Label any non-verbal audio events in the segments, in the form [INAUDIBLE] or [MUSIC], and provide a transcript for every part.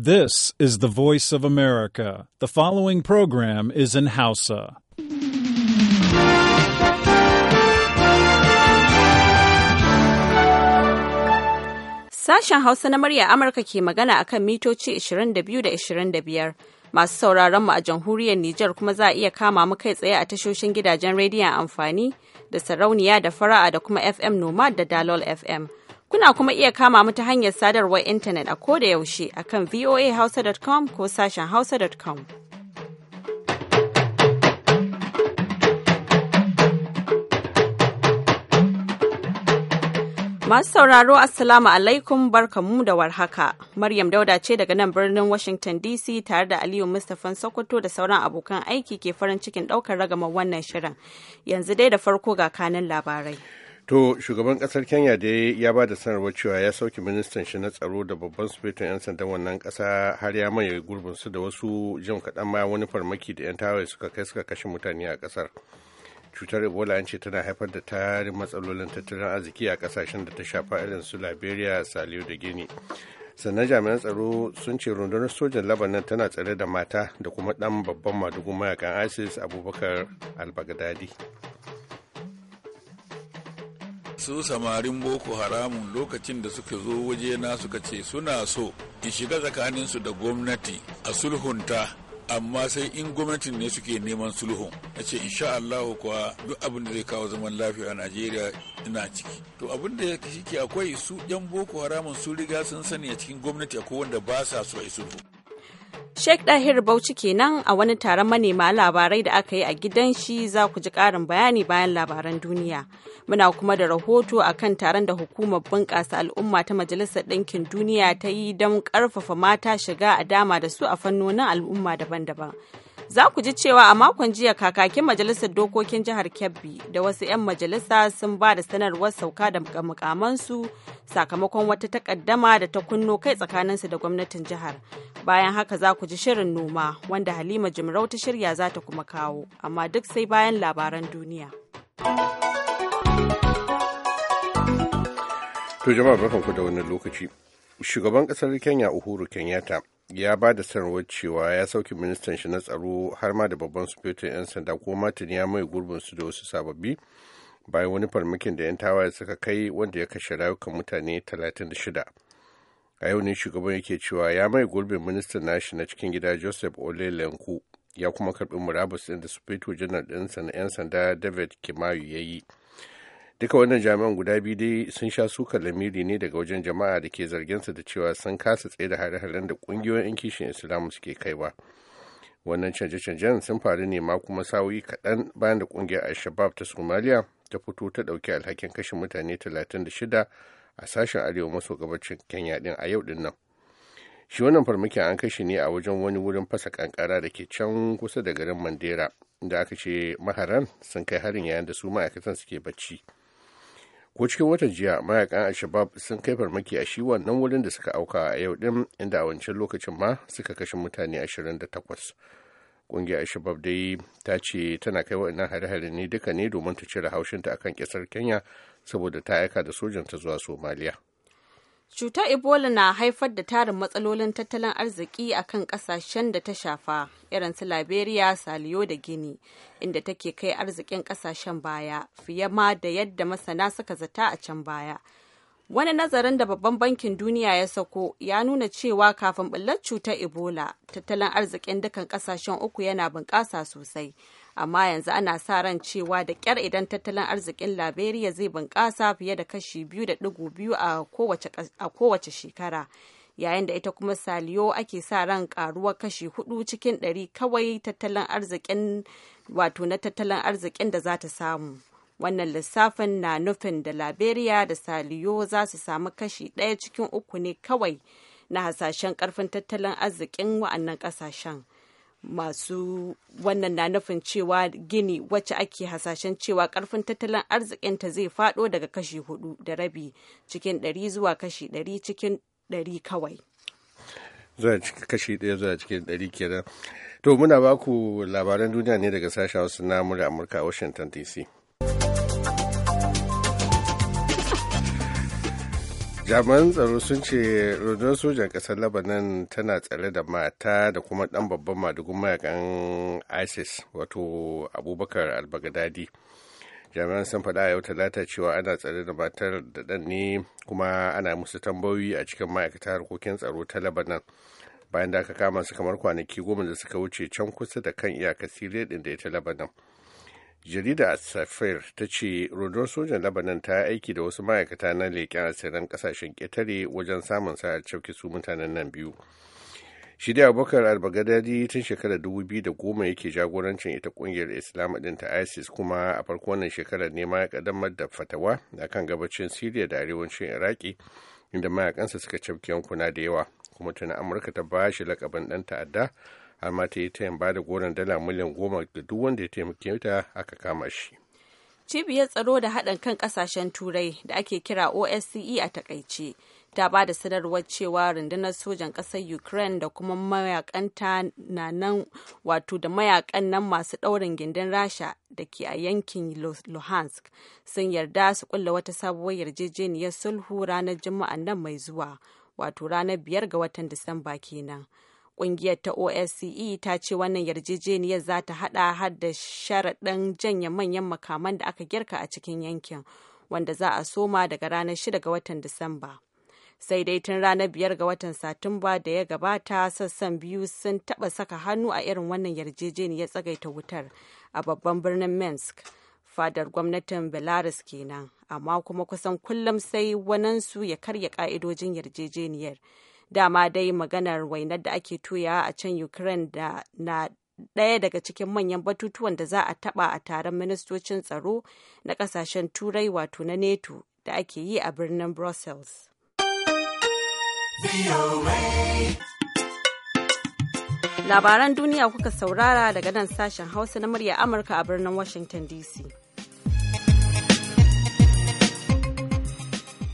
This is the voice of America. The following program is in Hausa. Sashen Hausa na murya Amurka ke magana akan mitoci 22 da 25. Masu sauraron mu a jamhuriyar Nijar kuma za a iya kama mu kai tsaye a tashoshin gidajen rediyon amfani da sarauniya da fara'a da kuma FM Nomad da Dalol FM. Kuna kuma iya kama mu ta hanyar sadarwar intanet a ko da yaushe a kan voahausa.com ko sashen hausa.com. Masu sauraro Assalamu alaikum barkamu da warhaka. Maryam Dauda ce daga nan birnin Washington DC tare da Aliyu Mustapha Sokoto da sauran abokan aiki ke farin cikin ɗaukar ragama wannan shirin. Yanzu dai da farko ga kanin labarai. To shugaban kasar Kenya dai ya ba da sanarwar cewa ya sauke ministan shi na tsaro da babban sufetin 'yan sandan wannan kasa har ya maye gurbin su da wasu jin kaɗan ma wani farmaki da 'yan tawaye suka kai suka kashe mutane a kasar. Cutar Ebola an ce tana haifar da tarin matsalolin tattalin arziki a kasashen da ta shafa irin su Liberia, Saliyo da gini sannan jami'an tsaro sun ce rundunar sojan labanan tana tsare da mata da kuma ɗan babban madugun mayakan isis abubakar al su samarin boko haramun lokacin da suka zo wajena suka ce suna so in shiga tsakaninsu da gwamnati a sulhunta amma sai in gwamnatin ne suke neman sulhun na ce insha Allah kuwa duk abin da zai kawo zaman lafiya a Najeriya ina ciki to abin da ke akwai su yan boko haramun sun riga sun sani a cikin gwamnati akwai wanda ba sa so a yi sulhu Sheikh Dahir Bauchi kenan a wani taron manema labarai da aka yi a gidan shi za ku ji ƙarin bayani bayan labaran duniya. Muna kuma da rahoto a kan taron da hukumar bunƙasa al'umma ta Majalisar Ɗinkin Duniya ta yi don ƙarfafa mata shiga a dama da su a fannonin al'umma daban-daban. Za ku ji cewa a makon jiya kakakin majalisar dokokin jihar Kebbi da wasu 'yan majalisa sun ba da sanarwar sauka da mukamansu sakamakon wata takaddama da ta kunno kai tsakaninsu da gwamnatin jihar. Bayan haka za ku ji shirin noma wanda Halima Jimrau ta shirya za ta kuma kawo, amma duk sai bayan labaran duniya. To jama'a barkanku da wannan lokaci. Shugaban ƙasar Kenya Uhuru Kenyatta ya ba da sanarwar cewa ya sauke ministan shi na tsaro har ma da babban sufetin 'yan sanda ko martin ya mai gurbin su da wasu sababbi bayan wani farmakin da 'yan tawaye suka kai wanda ya kashe rayukan mutane 36 a yau ne shugaban yake cewa ya mai gurbin ministan nashi na cikin gida joseph ole lenku ya kuma karbi murabus ɗin da janar ɗinsa na 'yan sanda david kimayu ya yi duka wannan jami'an guda biyu dai sun sha suka lamiri ne daga wajen jama'a da ke su da cewa sun kasa tsaye da hare-haren da kungiyoyin 'yan kishin islam suke kaiwa wannan canje-canjen sun faru ne ma kuma sawoyi kaɗan bayan da kungiyar al-shabab ta somaliya ta fito ta ɗauki alhakin kashe mutane talatin da shida a sashen arewa maso gabacin kenya din a yau din nan shi wannan farmakin an kashe ne a wajen wani wurin fasa kankara da ke can kusa da garin mandera da aka ce maharan sun kai harin yayin da su ma'aikatan suke bacci ko cikin watan jiya mayakan al-shabab sun kai farmaki a shi wannan wurin da suka auka a yau din inda a wancan lokacin ma suka kashe mutane 28 kungiyar al-shabab dai ta ce tana kai waɗannan hare-hare ne duka ne domin ta cire haushinta akan kisar kenya saboda ta aika da sojanta zuwa somaliya Cutar Ebola na haifar da tarin matsalolin tattalin arziki a kan ƙasashen da ta shafa, irin su Liberia, Saliyo da Gini, inda take kai arzikin ƙasashen baya, fiye ma da yadda masana suka zata a can baya. Wani nazarin da Babban Bankin Duniya ya sako ya nuna cewa kafin bullar cutar Ebola, tattalin arzikin dukan ƙasashen uku yana bunƙasa sosai. amma yanzu ana sa ran cewa da kyar idan tattalin arzikin liberia zai bunƙasa fiye da kashi biyu da digo biyu a kowace shekara yayin da ita kuma saliyo ake sa ran karuwar kashi hudu cikin ɗari kawai tattalin arzikin wato na tattalin arzikin da za ta samu wannan lissafin na nufin da liberia da saliyo za su samu kashi ɗaya cikin uku ne kawai na hasashen karfin tattalin arzikin wa'annan ƙasashen. masu wannan na nufin cewa gini wacce ake hasashen cewa karfin tattalin arzikinta zai fado daga kashi hudu da rabi cikin dari zuwa kashi dari cikin dari kawai zuwa kashi daya zuwa cikin dari kenan to muna baku labaran duniya ne daga sashen wasu na amurka a washington dc jami'an tsaro sun ce rundunar sojan ƙasar labanan tana tsare da mata da kuma ɗan babban madugun mayakan isis wato abubakar albagadadi jami'an sun faɗa yau talata cewa ana tsare da matar da ɗan ne kuma ana musu tambayoyi a cikin ma'aikata harkokin tsaro ta labanan bayan da aka kama su kamar kwanaki goma da suka wuce can kusa da kan iyakar siriya ɗin da ita labanan jarida safir ta ce rundunar sojan labanan ta aiki da wasu ma'aikata na leƙen asirin ƙasashen ƙetare wajen samun sa'ar cauki su mutanen nan biyu shi abubakar albagadadi tun shekarar 2010 yake jagorancin ita ƙungiyar islam din ta isis kuma a farko wannan shekarar ne ma ya kaddamar da fatawa a kan gabacin siriya da arewacin iraki inda mayakansa suka cafke yankuna da yawa kuma tuna amurka ta bashi lakabin dan ta'adda har ma ta yi tayin ba da goron dala miliyan goma da duk wanda ya taimake ta aka kama shi cibiyar tsaro da haɗin kan ƙasashen turai da ake kira osce a takaice ta ba da sanarwar cewa rundunar sojan ƙasar ukraine da kuma mayakanta na nan wato da mayakan nan masu ɗaurin gindin rasha da ke a yankin luhansk sun yarda su kulla wata sabuwar yarjejeniyar sulhu ranar juma'a nan mai zuwa wato ranar biyar ga watan disamba kenan Ƙungiyar ta OSCE ta ce wannan yarjejeniyar za ta haɗa har da sharaɗin janye manyan makaman da aka girka a cikin yankin, wanda za a soma daga ranar 6 ga watan Disamba. Sai dai tun ranar 5 ga watan Satumba da ya gabata sassan biyu sun taɓa saka hannu a irin wannan yarjejeniyar tsagaita wutar a babban birnin Minsk. fadar gwamnatin belarus kenan amma kuma kusan kullum sai wanansu ya karya ka'idojin yarjejeniyar dama dai maganar wainar da ake tuya a can ukraine da na ɗaya daga cikin manyan batutuwan da za a taɓa a taron ministocin tsaro na ƙasashen turai wato na neto da ake yi a birnin brussels labaran duniya kuka saurara daga nan sashen hausa na murya amurka a birnin washington dc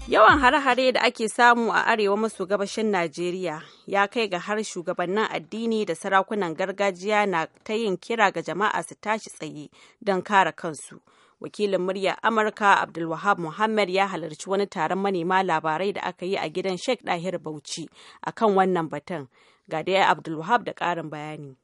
Yawan hare-hare da ake samu a arewa maso gabashin Najeriya ya kai ga har shugabannin addini da sarakunan gargajiya na ta yin kira ga jama'a su tashi tsaye don kare kansu. Wakilin Murya Amurka Abdulwahab Muhammad ya halarci wani taron manema labarai da aka yi a gidan Sheikh Dahir Bauchi a kan wannan batun. Ga dai Abdulwahab da ƙarin bayani.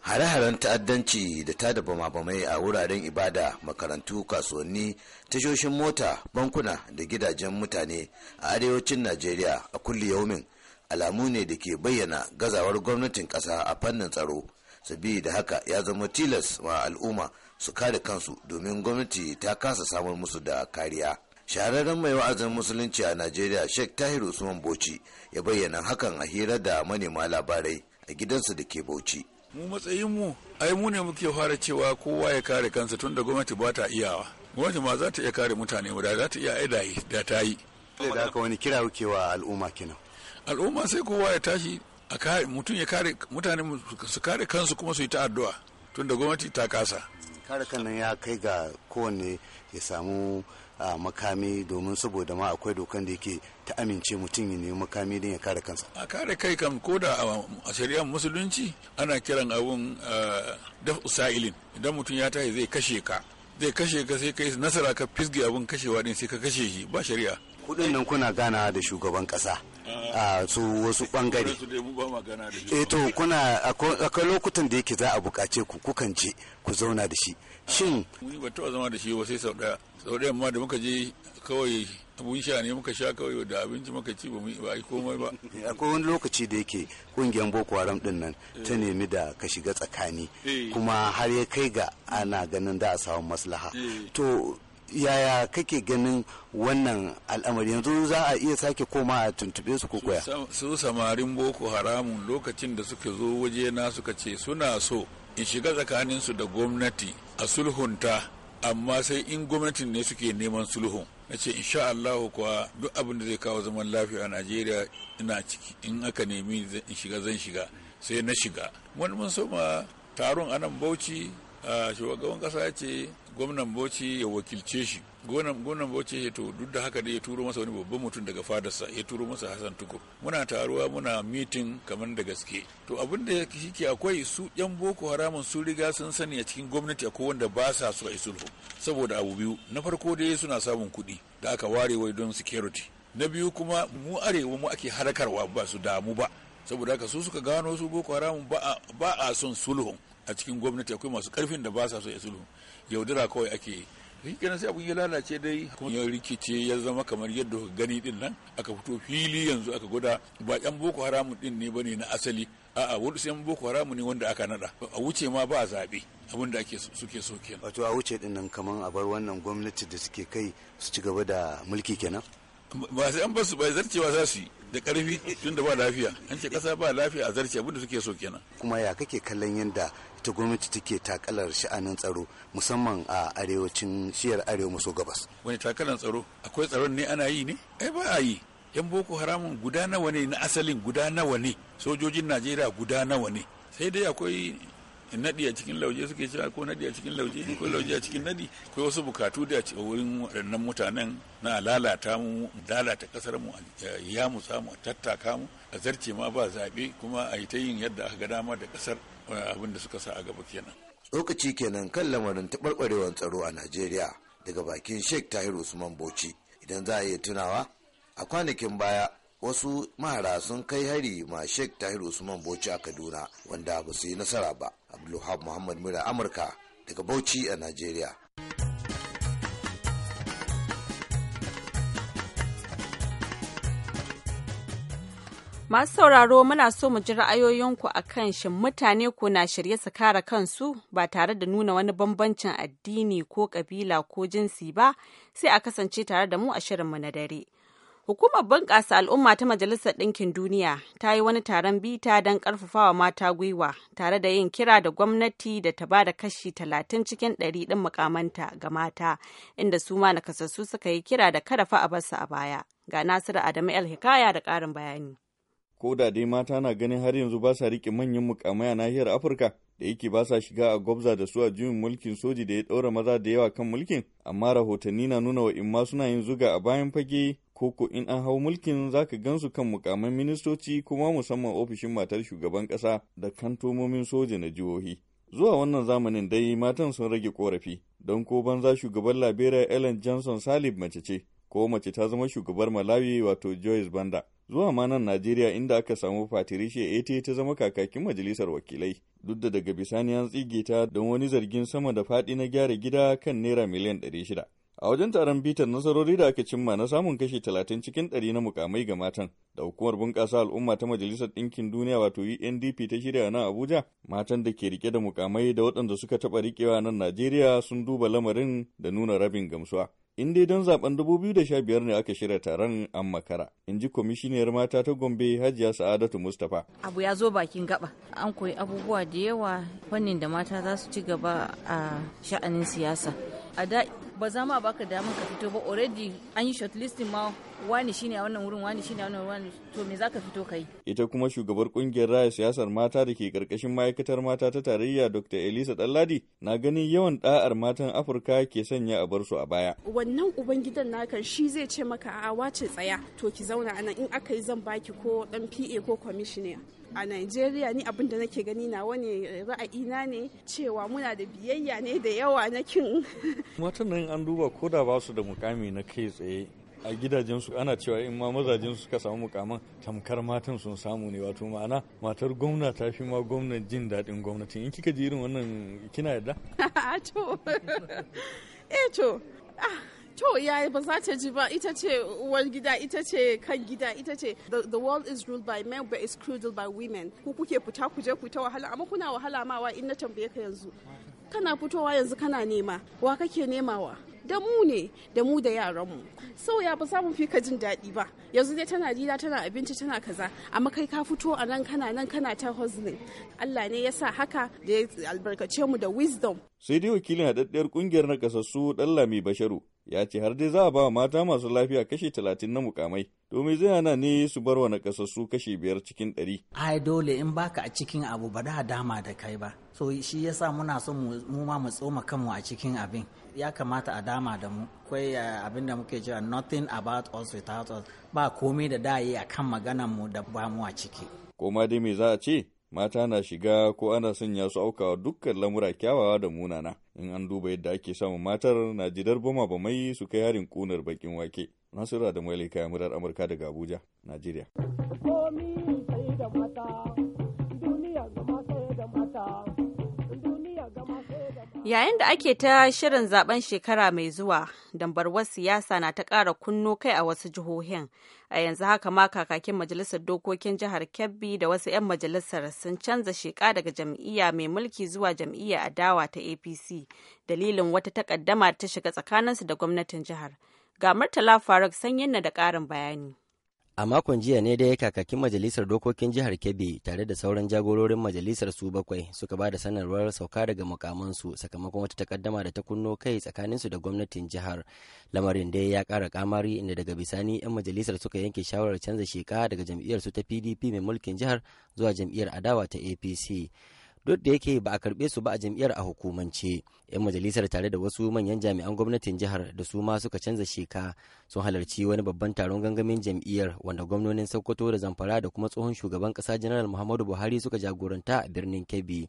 Hare-haren ta'addanci da ta da bama-bamai a wuraren ibada, makarantu, kasuwanni, tashoshin mota, bankuna da gidajen mutane a arewacin Najeriya a kulli yaumin alamu ne da ke bayyana gazawar gwamnatin ƙasa a fannin tsaro. Sabida haka ya zama tilas ma al'umma su kare kansu domin gwamnati ta kasa samun musu da kariya. shahararren mai wa'azin musulunci a najeriya sheikh tahir usman bauchi ya bayyana hakan a hira da manema labarai a gidansa da ke bauchi mu matsayin mu ai mu ne muke fara cewa kowa ya kare kansa tun da gwamnati ba ta iyawa gwamnati ma za ta iya kare mutane da za ta iya aidayi da ta yi da aka wani kira kuke wa al'umma kenan al'umma sai kowa ya tashi a kare mutum ya kare mutane su kare kansu kuma su yi ta addu'a tun da gwamnati ta kasa kare kan nan ya kai ga kowanne ya samu a makami domin saboda ma akwai dokan da yake ta amince mutum ya nemi makami don ya kare kansa a kare kai kam ko da a shari'ar musulunci ana kiran abun daf usailin idan mutum ya tashi zai kashe ka zai kashe ka sai kai nasara ka fisge abun kashewa din sai ka kashe shi ba shari'a kudin nan kuna ganawa da shugaban kasa a su wasu bangare eh to kuna akwai lokutan da yake za a bukace ku kukan je ku zauna da shi shin mun ba taɓa zama da shi ba sai sau ɗaya sau ɗaya amma da muka je kawai abun sha ne muka sha kawai da abinci muka ci ba ba yi komai ba akwai wani lokaci da yake kungiyar boko haram din nan eh. ta nemi da ka shiga tsakani eh. kuma har ya kai ga ana ganin da a samu maslaha eh. to yaya kake ganin wannan al'amari yanzu za a iya sake koma a tuntube su koya su samarin boko haramun lokacin da suka zo waje na suka ce suna so in shiga tsakanin su da gwamnati a sulhunta amma sai in gwamnatin ne suke neman sulhun na ce insha Allah kuwa duk abin da zai kawo zaman lafiya a Najeriya ina ciki in aka nemi in shiga zan shiga sai na shiga wani mun so ma taron anan Bauchi shugaban kasa ya ce gwamnan bauchi ya wakilce shi gwamnan bauchi ya to duk da haka da ya turo masa wani babban mutum daga fadarsa ya turo masa hassan tukur muna taruwa muna mitin kamar da gaske to abin da ke akwai su yan boko haramun su riga sun sani a cikin gwamnati a wanda ba sa su a isulhu sulhu saboda abu biyu na farko dai suna samun kuɗi da aka ware wai don security na biyu kuma mu arewa mu ake harakarwa ba su damu ba saboda haka su suka gano su boko haramun ba a son sulhun a cikin gwamnati akwai masu karfin da ba sa so ya sulhu yaudara kawai ake yi rikina sai abun ya lalace dai kuma ya rikice ya zama kamar yadda gani din nan aka fito fili yanzu aka gwada ba yan boko haramun din ne bane na asali a'a wani sai boko haramun ne wanda aka nada a wuce ma ba zabe abin da ake suke so wato a wuce din nan kaman a bar wannan gwamnati da suke kai su ci gaba da mulki kenan ba sai an basu bai zarcewa za su yi da karfi tun da ba lafiya an ce kasa ba lafiya a zarce abinda suke so kenan kuma ya kake kallon yadda ita gwamnati take takalar sha'anin tsaro musamman a arewacin shiyar arewa maso gabas wani takalar tsaro akwai tsaron ne ana yi ne ai ba a yi yan boko haramun guda nawa ne na asalin guda nawa ne sojojin najeriya guda nawa ne sai dai akwai in naɗi a cikin lauje suke cewa ko naɗi a cikin lauje ko lauje a cikin naɗi ko wasu bukatu da a wurin waɗannan mutanen na lalata mu lalata ƙasar mu ya mu samu tattaka mu a zarce ma ba zaɓe kuma a yi ta yin yadda aka ga dama da kasar abin da suka sa a gaba kenan. lokaci kenan kan lamarin taɓarɓarewar tsaro a najeriya daga bakin sheikh tahir usman bauchi idan za a iya tunawa a kwanakin baya wasu mahara sun kai hari ma sheikh tahir usman bauchi a kaduna wanda ba su yi nasara ba abdulhab muhammad mura amurka daga bauchi a najeriya Masu sauraro muna so mu ji ra'ayoyinku a kan shin mutane ko na shirye su kare kansu ba tare da nuna wani bambancin addini ko ƙabila ko jinsi ba sai a kasance tare da mu a shirinmu na dare. Hukumar bunƙasa al'umma ta Majalisar Ɗinkin Duniya ta yi wani taron bita don ƙarfafawa mata gwiwa tare da yin kira da gwamnati da ta ba da kashi talatin cikin ɗari ɗin mukamanta ga mata inda su ma nakasassu suka yi kira da kada fa a barsu a baya. Ga Nasiru Adamu El Hikaya da ƙarin bayani. ko da dai mata na ganin har yanzu ba sa riƙe manyan mukamai a nahiyar Afirka da yake ba sa shiga a gwabza da su a juyin mulkin soji da ya ɗaura maza da yawa kan mulkin, amma rahotanni na nuna wa in ma suna yin zuga a bayan fage ko in an hau mulkin za ka gansu kan mukaman ministoci kuma musamman ofishin matar shugaban ƙasa da kantomomin soja na jihohi. Zuwa wannan zamanin dai matan sun rage korafi, don ko banza shugaban labera Ellen Johnson Salib mace ce, ko mace ta zama shugabar Malawi wato Joyce Banda. Zuwa ma nan Najeriya inda aka samu Fatirishe Ete ta zama kakakin majalisar wakilai. Duk da daga bisani an tsige ta don wani zargin sama da faɗi na gyara gida kan naira miliyan ɗari shida. A wajen taron bitar nasarori da aka cimma na samun kashi talatin cikin ɗari na mukamai ga matan da hukumar bunƙasa al'umma ta Majalisar Ɗinkin Duniya wato UNDP ta shirya nan Abuja, matan da ke rike da mukamai da waɗanda suka taɓa riƙewa nan Najeriya sun duba lamarin da nuna rabin gamsuwa. in dai don zaben 2015 ne aka shirya taron an makara in ji kwamishiniyar mata ta gombe hajiya sa'adatu mustapha abu ya zo bakin gaba an koyi abubuwa da yawa fannin da mata za su ci gaba a sha'anin siyasa a da ba za ma baka damar ka fito ba already an yi shortlisting ma wani shine a wannan wurin wani shine a wannan wurin to me zaka fito kai ita kuma shugabar kungiyar raya siyasar mata da ke karkashin ma'aikatar mata ta tarayya Dr. Elisa Dalladi na ganin yawan da'ar matan Afirka ke sanya a bar su a baya wannan ubangidan naka shi zai ce maka a wace tsaya to ki zauna anan in aka yi zan baki ko dan PA ko commissioner a Najeriya ni abin da nake gani na wani ra'ayina ne cewa muna da biyayya ne da yawa na kin. [LAUGHS] Matan nan an duba ko da ba su da mukami na kai tsaye a gidajensu ana cewa in ma mazajen suka samu mukaman tamkar matan sun samu ne wato ma'ana matar gwamna ta fi ma gwamnan jin daɗin gwamnatin in kika ji irin wannan kina yarda? [LAUGHS] Ah, to [LAUGHS] eh to ah. To yi ba za ta ji ba ita ce uwar gida ita ce kan gida ita ce the world is ruled by men but is cradled by women. Ku kuke fita ku je ku ta wahala amma kuna wahala ma wa in na tambaye ka yanzu. Kana fitowa yanzu kana nema wa kake nemawa. da mu ne da mu da yaranmu sauya ba samu fi ka jin daɗi ba yanzu dai tana dila tana abinci tana kaza amma kai ka fito a nan kana nan kana ta hoznin Allah ne ya sa haka da ya albarkace mu da wisdom sai dai wakilin haɗaɗɗiyar ƙungiyar na kasassu ɗan lami basharu ya ce har dai za a ba mata masu lafiya kashi talatin na mukamai domin zai hana ne su bar wa nakasassu kashi biyar cikin ɗari. ai dole in baka a cikin abu ba da dama da kai ba so shi yasa muna so mu ma mu tsoma kanmu a cikin abin ya kamata a dama da mu kai eh, abin da muke cewa nothing about us without us ba komai da da yi akan maganan mu da ba mu a ciki. koma dai me za a ce mata na shiga ko ana sanya su aukawa dukkan lamura kyawawa da munana in an duba yadda ake samun matar na jidar bama ba mai su kai harin kunar bakin wake nasira da mailika murar amurka daga abuja najeriya Yayin da ake ta shirin zaben shekara mai zuwa, dambarwar siyasa na ta ƙara kunno kai a wasu jihohin. A yanzu haka ma kakakin majalisar dokokin jihar Kebbi da wasu 'yan majalisar sun canza sheka daga jam'iyya mai mulki zuwa jam'iyya adawa ta APC, dalilin wata takaddama ta shiga tsakaninsu da gwamnatin jihar. Ga Murtala Faruk sanyin na da ƙarin bayani. A makon jiya ne dai kakakin majalisar dokokin jihar Kebbi tare da sauran jagororin majalisar su bakwai suka ba da sanarwar sauka daga mukamansu sakamakon wata takaddama da ta kunno kai tsakaninsu da gwamnatin jihar. Lamarin dai ya kara kamari inda daga bisani 'yan majalisar suka yanke shawarar canza sheka daga jam'iyyar su ta PDP mai mulkin jihar zuwa jam'iyyar adawa ta APC. duk da yake ba a karbe su ba a jam'iyyar a hukumance yan majalisar tare da wasu manyan jami'an gwamnatin jihar da su ma suka canza sheka sun halarci wani babban taron gangamin jam'iyyar wanda gwamnonin sokoto da zamfara da kuma tsohon shugaban kasa janar muhammadu buhari suka jagoranta a birnin kebbi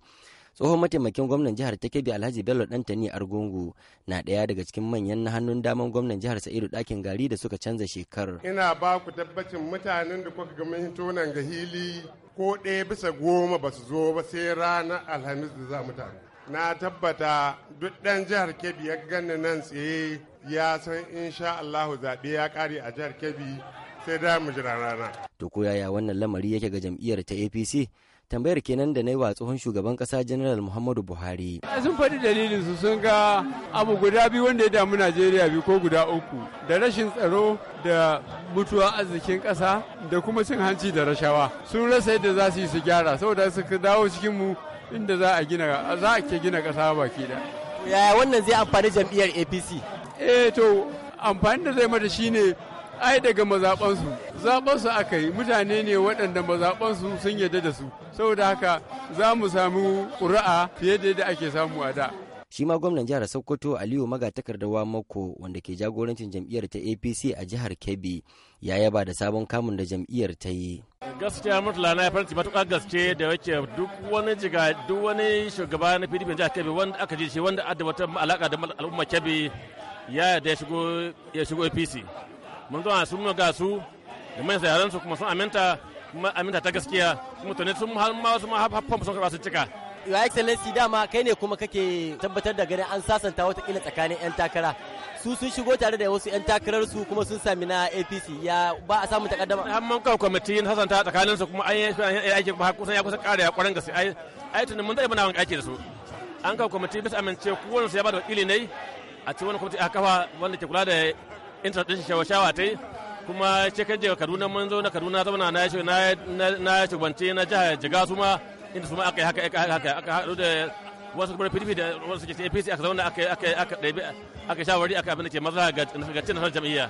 tsohon mataimakin gwamnan jihar ta alhaji bello dantani argungu na ɗaya daga cikin manyan na hannun daman gwamnan jihar sa'idu ɗakin gari da suka canza shekar ina ba ku tabbacin mutanen da kuka ga hito nan ga hili ko ɗaya bisa goma ba su zo ba sai ranar alhamis da za mutane na tabbata duk ɗan jihar kebbi ya gani nan tsaye ya san in sha allahu zaɓe ya ƙare a jihar kebbi sai da mu jira rana to ko yaya wannan lamari yake ga jam'iyyar ta apc tambayar kenan da na yi wa tsohon shugaban kasa janaral muhammadu buhari sun faɗi dalilin su sun ga abu guda biyu wanda ya damu najeriya biyu ko guda uku da rashin tsaro da mutuwa arzikin ƙasa da kuma cin hanci da rashawa sun rasa yadda za su yi su gyara saboda su dawo cikin mu inda za a gina za a ke gina ƙasa baki da yaya wannan zai amfani jam'iyyar apc eh to amfani da zai mata shine ai daga mazaɓansu zaɓensu aka yi mutane ne waɗanda mazaɓensu sun yarda da su saboda haka za mu samu ƙuri'a fiye da yadda ake samu a da shi ma gwamnan jihar sokoto aliyu wa mako wanda ke jagorancin jam'iyyar ta apc a jihar kebbi ya yaba da sabon kamun da jam'iyyar ta yi gaskiya murtala na ya farci matuƙa gaske da yake duk wani jiga duk wani shugaba na pdp jihar kebbi wanda aka ji shi wanda adda wata alaƙa da al'umma kebbi ya yarda ya shigo apc mun zama sun ga su domin yaran su kuma sun aminta kuma aminta ta gaskiya kuma tunai sun har ma wasu ma haffan sun karɓa su cika ya Excellency dama kai ne kuma kake tabbatar da gari an sasanta wata kila tsakanin 'yan takara. Su sun shigo tare da wasu 'yan takarar su kuma sun sami na APC ya ba a samu takaddama. An man kawo yin sasanta tsakanin su kuma an yi aiki ba kusan ya kusa kare ya kwarin gaske. Ai tunan mun daɗe muna aiki da su. An kawo committee bisa amince kowane su ya ba da wakili ne a cikin wani kwamiti a kafa wanda ke kula da intanet ɗin shawa shawa ta kuma cikin jiga kaduna mun zo na kaduna zama na yace na yace na jihar jiga su ma inda su ma aka yi haka aka haka aka haɗu da wasu kuma PDP da wasu ke APC aka zauna aka aka aka ɗaibi aka shawari aka abin da ke maza ga ga cin nasarar jam'iyya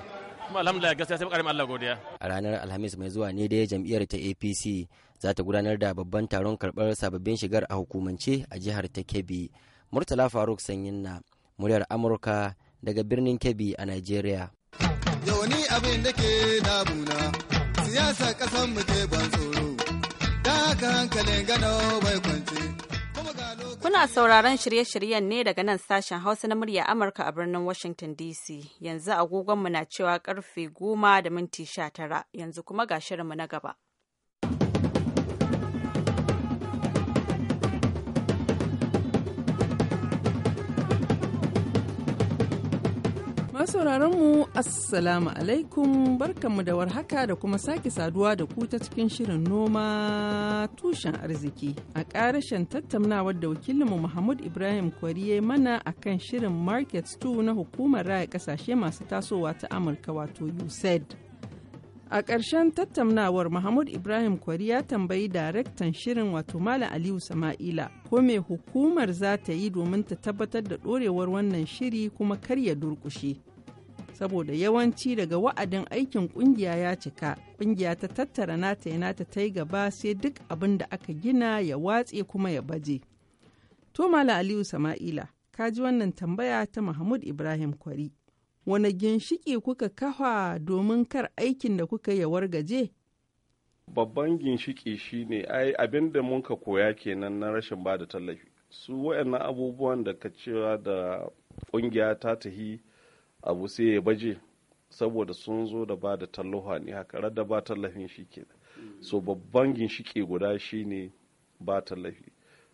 kuma alhamdulillah gaskiya sai bakarin Allah godiya a ranar alhamis mai zuwa ne dai jam'iyyar ta APC za ta gudanar da babban taron karɓar sababbin shigar a hukumance a jihar ta Kebbi Murtala Faruk Sanyin na muryar Amurka daga birnin Kebbi a Najeriya. ni abin da ke damuna siyasa kasan mu ke ban tsoro da haka hankalin gano bai kwance Kuna sauraron shirye-shiryen ne daga nan sashen Hausa na murya Amurka a birnin Washington DC. Yanzu agogonmu na cewa karfe goma da minti sha tara, yanzu kuma ga shirinmu na gaba. sauraron mu assalamu alaikum barkanmu da warhaka da kuma sake saduwa da ku ta cikin shirin noma tushen arziki a ƙarashen tattaunawar da wakilinmu Muhammad Ibrahim Kwariye mana akan shirin Market 2 na hukumar raya kasashe masu tasowa ta Amurka wato USAID. A ƙarshen tattaunawar Mahmud Ibrahim Kwari ya tambayi daraktan shirin wato Malam Aliyu Sama'ila ko me hukumar za ta yi domin ta tabbatar da ɗorewar wannan shiri kuma kar ya durƙushe. saboda yawanci daga wa'adin aikin kungiya ya cika kungiya ta tattara nata ya nata ta yi gaba sai duk abin da aka gina ya watse kuma ya baje to mala aliyu sama'ila ka ji wannan tambaya ta mahmud ibrahim kwari wane ginshiki kuka kafa domin kar aikin da kuka ya wargaje babban ginshiki shine ai abinda da mun ka koya kenan na rashin ba da tallafi su waɗannan abubuwan da ka cewa da ƙungiya ta tahi abu sai ya baje saboda sun zo da ba da tallafa ne haka da ba tallafin shi ke so babban ginshiƙe guda shi ne ba tallafi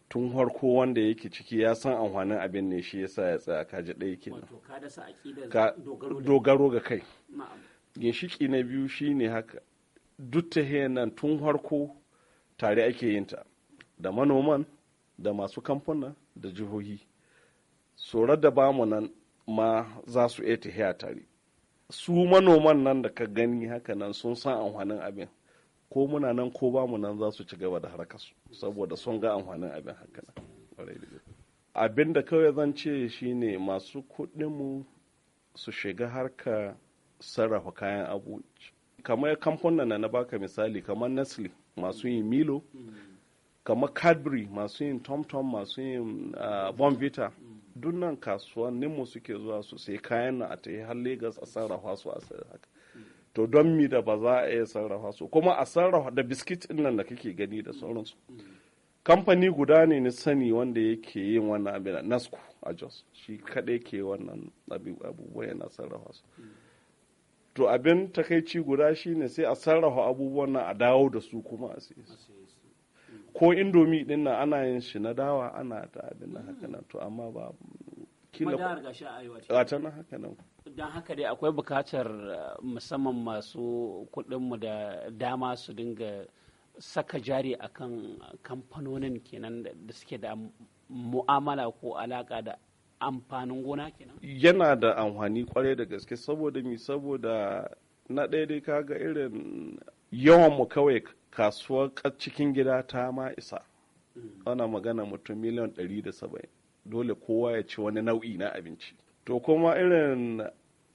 tun harko wanda yake ciki ya san amfanin abin ne shi yasa ya tsaya kaji ɗaya nan dogaro ga kai ginshiki na biyu shi ne haka duk ta nan tun harko tare ake yin ta da manoman da masu kamfuna da jihohi tsorar da bamu nan ma za su iya tafiya tare su manoman nan da ka gani haka nan sun san amfanin abin ko muna nan ko ba mu nan za su ci gaba da harkarsu saboda sun ga amfanin abin haka nan abin da kawai zan ce shine masu kuɗinmu su shiga harka sarrafa kayan abu kamar kamfanin na baka misali kamar nestle masu yin milo mm. kamar cadbury masu yin tomtom masu yin bonvita ah, mm. dunnan mu suke zuwa su sai kayan na a ta har Legas a sarrafa su a sai haka. To don mi da ba za a iya sarrafa su kuma a sarrafa da biskit din nan da kake gani da sauransu. Kamfani guda ne na sani wanda yake yin wannan abin Nasco a Jos shi kaɗai ke wannan abubuwa yana sarrafa su. To abin takaici guda shine sai a sarrafa abubuwan nan a dawo da su kuma a sai ko indomi din nan ana yin shi na dawa ana ta abin nan haka nan to amma ba kila a can haka nan don haka dai akwai bukatar eh, musamman masu kuɗin mu da dama su dinga saka jari akan kamfanonin kenan da suke da mu'amala ko alaka da amfanin gona kenan yana da amfani kwarai da gaske saboda mi saboda na ɗaya dai kaga irin yawan mu kawai kasuwar cikin gida ta ma isa mm. ana magana mutum miliyan 170 dole kowa ya ci wani nau'i na abinci to kuma irin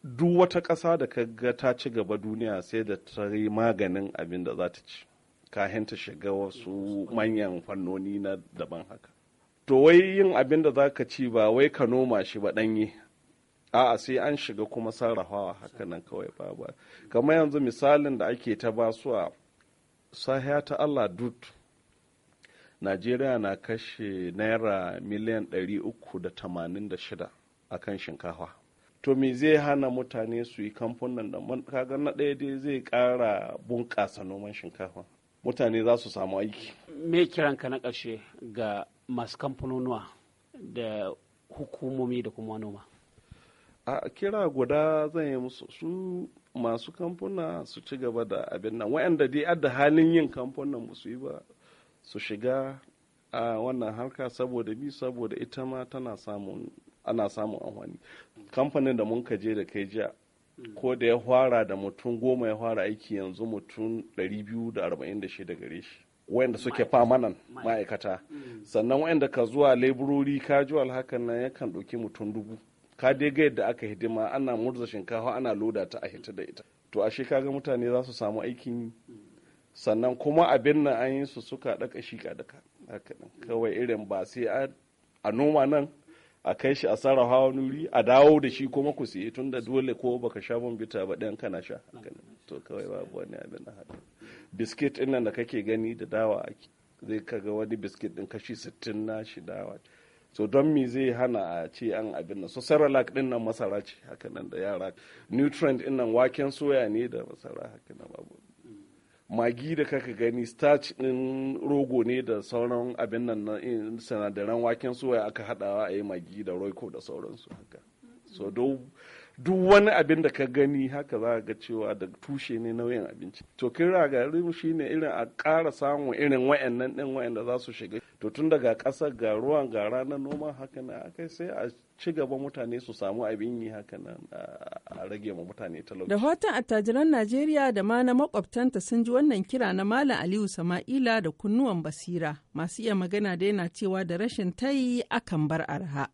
duk wata ƙasa da ka ga ta ci gaba duniya sai da ta yi maganin abin da za ta ci kahin ta shiga wasu manyan fannoni na daban haka to wai yin abin da za ka ci ba wai ka noma shi ba ɗanye a'a sai an shiga kuma sarrafawa haka nan kawai ba kamar yanzu misalin da ake ta basuwa sahiya ta allah duk najeriya na kashe naira miliyan 386 a kan shinkafa to me zai hana mutane su yi kamfanin da kaga na ɗaya dai zai ƙara bunƙasa noman shinkafa mutane za su samu aiki me kiranka na ƙarshe ga masu kamfanonuwa da hukumomi da kuma noma a kira guda zan yi musu su masu kamfuna su ci gaba da abin nan waɗanda dai adda halin yin kamfunan ba su yi ba su shiga a wannan harka saboda bi saboda ita ma tana samun ana samun amfani kamfanin da mun kaje da kai jiya ko da ya fara da mutum goma ya fara aiki yanzu mutum 246 gare shi wayanda suke fama nan ma'aikata mm. sannan wayanda ka zuwa leburori kajuwal hakan nan yakan ɗauki mutum dubu ka dai ga yadda aka hidima ana murza shinkafa ana loda ta a hita da ita to ashe kaga mutane za su samu aikin yi. sannan kuma abin nan an yi su suka daka shi ka daka kawai irin ba sai a noma nan a kai shi a sarrafa wani wuri a dawo da shi kuma ku siye tun da dole ko baka sha bita ba ɗan kana sha to kawai babu wani abin da haka biskit ɗin nan da kake gani da dawa ake zai kaga wani biskit ɗin kashi sittin na shi dawa so don me zai hana a ce an abin nan so cerelac din nan masara ce haka nan da yara nutrient din nan waken soya ne da masara haka nan babu magi da kaka gani starch din rogo ne da sauran abin nan na eh, sanadaran waken soya aka hadawa a yi magi da roiko da sauransu haka so duk wani abin da ka gani haka za ga cewa da tushe ne nauyin abinci to kira ga shine irin a ƙara samun irin wayannan din wayanda za su shiga to tun daga ƙasa ga ruwan ga ranar noma haka na akai sai a ci gaba mutane su samu abin yi haka nan a rage ma mutane talauci. Da hoton attajiran Najeriya da ma na makwabtanta sun ji wannan kira na Malam Aliyu Sama'ila da kunnuwan basira masu iya magana da yana cewa da rashin tayi akan bar arha.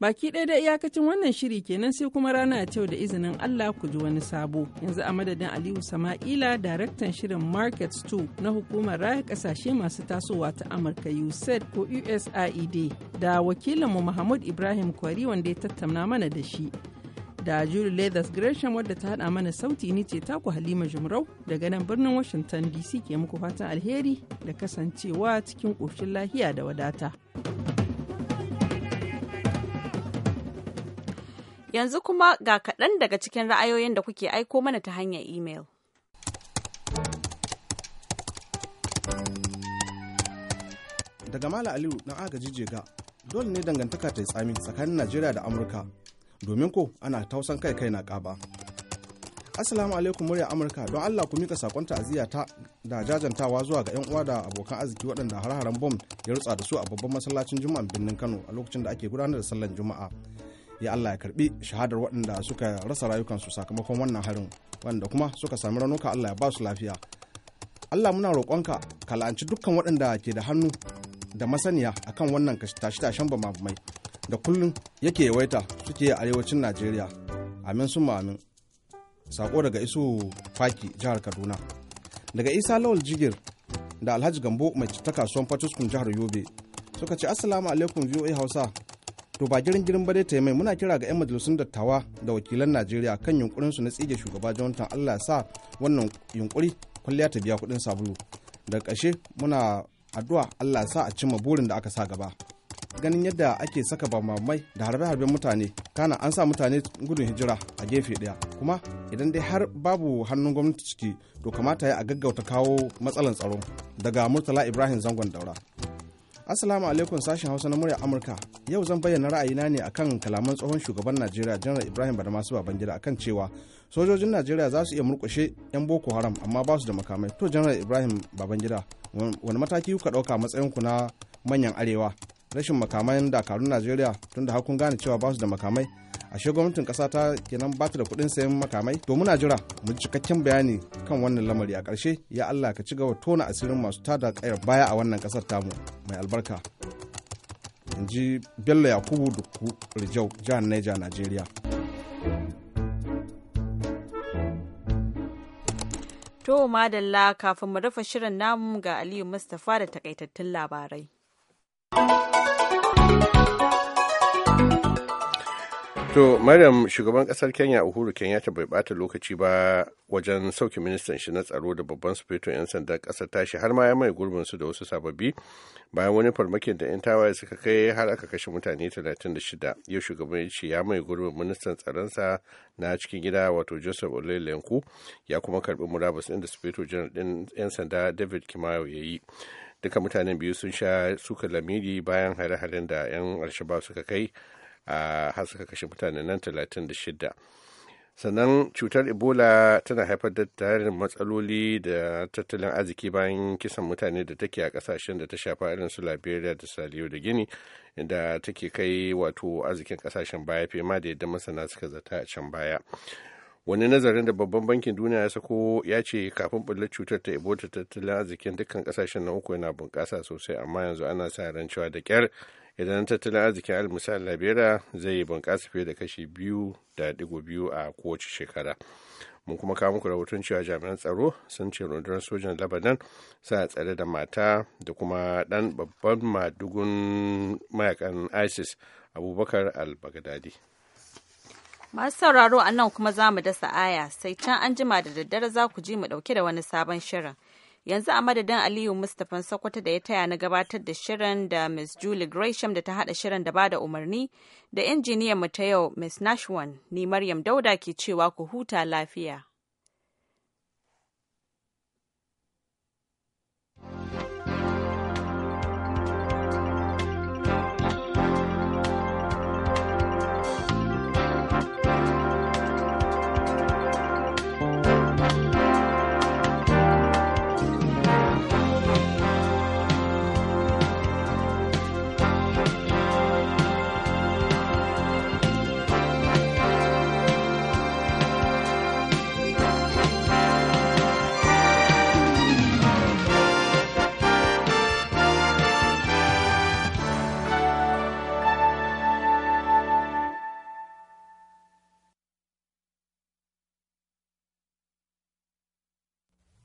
Baki ɗaya da iyakacin wannan shiri kenan sai kuma rana a yau da izinin Allah ku ji wani sabo. Yanzu a madadin Aliyu Sama'ila, daraktan shirin Market 2 na hukumar raya kasashe masu tasowa ta Amurka USAID ko USAID e da wakilin mu Mahmud Ibrahim Kwari wanda ya tattauna mana da shi. Da Julie Leathers Gresham wadda ta haɗa mana sauti ni ce taku Halima Jumrau daga nan birnin Washington DC ke muku fatan alheri da kasancewa cikin ƙoshin lahiya da wadata. Yanzu kuma ga kaɗan daga cikin ra'ayoyin da kuke aiko mana ta hanyar imel. Daga Mala Aliyu ɗan agaji jega dole ne dangantaka ta yi tsami tsakanin Najeriya da Amurka domin ko ana tausan kai kai na ƙaba. asalamu alaikum murya Amurka don Allah ku mika sakon ta'aziyya ta da jajantawa zuwa ga 'yan uwa da abokan arziki waɗanda har-haren bom ya rutsa da su a babban masallacin Juma'a birnin Kano a lokacin da ake gudanar da sallar Juma'a. ya Allah ya karbi shahadar waɗanda suka rasa rayukansu sakamakon wannan harin wanda kuma suka sami raunuka Allah ya ba su lafiya Allah muna roƙonka ka la'anci dukkan waɗanda ke da hannu da masaniya akan wannan tashi tashen bamabumai da kullum yake yawaita suke a arewacin Najeriya amin sun amin sako daga isu faki jihar Kaduna daga Isa Lawal Jigir da Alhaji Gambo mai ta kasuwan Fatuskun jihar Yobe suka ce assalamu alaikum VOA Hausa to ba girin girin ba dai ta mai muna kira ga 'yan majalisun dattawa da wakilan najeriya kan yunkurin su na tsige shugaba jonathan allah sa wannan yunkuri kwalliya ta biya kuɗin sabulu da kashe muna addu'a allah sa a cimma burin da aka sa gaba ganin yadda ake saka bamamai da harbe-harben mutane kana an sa mutane gudun hijira a gefe ɗaya kuma idan dai har babu hannun gwamnati ciki to kamata ya a gaggauta kawo matsalan tsaro daga murtala ibrahim zangon daura Assalamu alaikum sashen Hausa na murya Amurka. Yau zan bayyana ra'ayina ne akan kalaman tsohon shugaban Najeriya Janar Ibrahim Badamasu Babangida akan cewa sojojin Najeriya za su iya murkushe 'yan Boko Haram amma ba su da makamai. To Janar Ibrahim Babangida wani mataki kuka ɗauka matsayin ku na manyan arewa? Rashin makaman dakarun Najeriya tunda har kun gane cewa ba su da makamai ashe gwamnatin kasa ta kenan ba ta da kuɗin sayan makamai to muna jira mu ji cikakken bayani kan wannan lamari a ƙarshe ya Allah ka ci gaba tona asirin masu tada kayar baya a wannan ƙasar tamu mai albarka in ji bello yakubu duku rijau jihar neja najeriya to madalla kafin mu dafa shirin namu ga aliyu mustafa da takaitattun labarai To, Maryam shugaban kasar Kenya Uhuru kenya ta bai bata lokaci ba wajen sauke ministan shi na tsaro da babban sufeto 'yan sanda kasar tashi har ma ya mai gurbin su da wasu sababbi bayan wani farmakin da 'yan tawaye suka kai har aka kashe mutane 36. Yau shugaban ya ce ya mai gurbin ministan tsaronsa na cikin gida wato Joseph Olelenku ya kuma karbi murabus inda sufeto janar ɗin 'yan sanda David Kimayo ya yi. Duka mutanen biyu sun sha suka lamiri bayan hare-haren da 'yan Alshabab suka kai a suka kashe mutane nan talatin da 36 sannan cutar ebola tana haifar da tarin matsaloli da tattalin arziki bayan kisan mutane da take a kasashen da ta shafa irin su liberia da saliyo da gini da take kai wato arzikin kasashen baya ma da yadda masana suka zata a can baya wani nazarin da babban bankin duniya ya sako ya ce kafin bullar cutar ta ebola tattalin arzikin dukkan kasashen na uku yana bunƙasa sosai amma yanzu ana sa ran da kyar idan tattalin arziki al misali labera zai bunƙasa fiye da kashi biyu da digo biyu a kowace shekara mun kuma kawo muku rahoton cewa jami'an tsaro sun ce rundunar sojan labanan suna tsare da mata da kuma ɗan babban madugun mayakan isis abubakar al-baghdadi masu sauraro a nan kuma za mu dasa aya sai can an jima da daddare za ku ji mu ɗauke da wani sabon shirin yanzu a madadin aliyu mustapha sokoto da ya taya na gabatar da shirin da miss julie gresham da ta hada shirin da bada umarni da injiniyan mu ta yau miss nashwan ni maryam dauda ke cewa ku huta lafiya